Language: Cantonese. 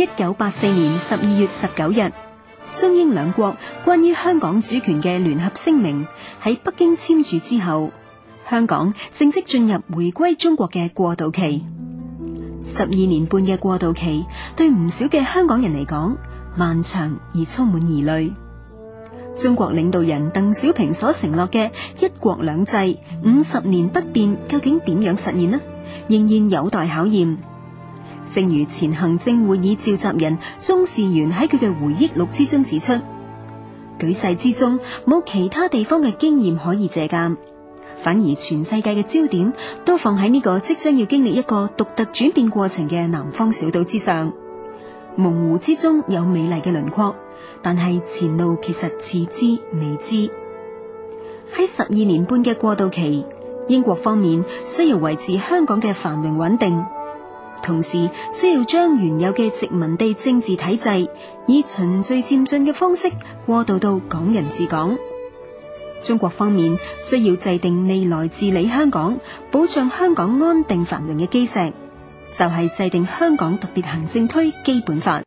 一九八四年十二月十九日，中英兩國關於香港主權嘅聯合聲明喺北京簽署之後，香港正式進入回歸中國嘅過渡期。十二年半嘅過渡期，對唔少嘅香港人嚟講，漫長而充滿疑慮。中國領導人鄧小平所承諾嘅“一國兩制”五十年不變，究竟點樣實現呢？仍然有待考驗。正如前行政會議召集人鍾士元喺佢嘅回憶錄之中指出，舉世之中冇其他地方嘅經驗可以借鑒，反而全世界嘅焦點都放喺呢個即將要經歷一個獨特轉變過程嘅南方小島之上。蒙霧之中有美麗嘅輪廓，但係前路其實似知未知。喺十二年半嘅過渡期，英國方面需要維持香港嘅繁榮穩定。同時需要將原有嘅殖民地政治體制，以循序漸進嘅方式過渡到港人治港。中國方面需要制定未來治理香港、保障香港安定繁榮嘅基石，就係制定香港特別行政區基本法。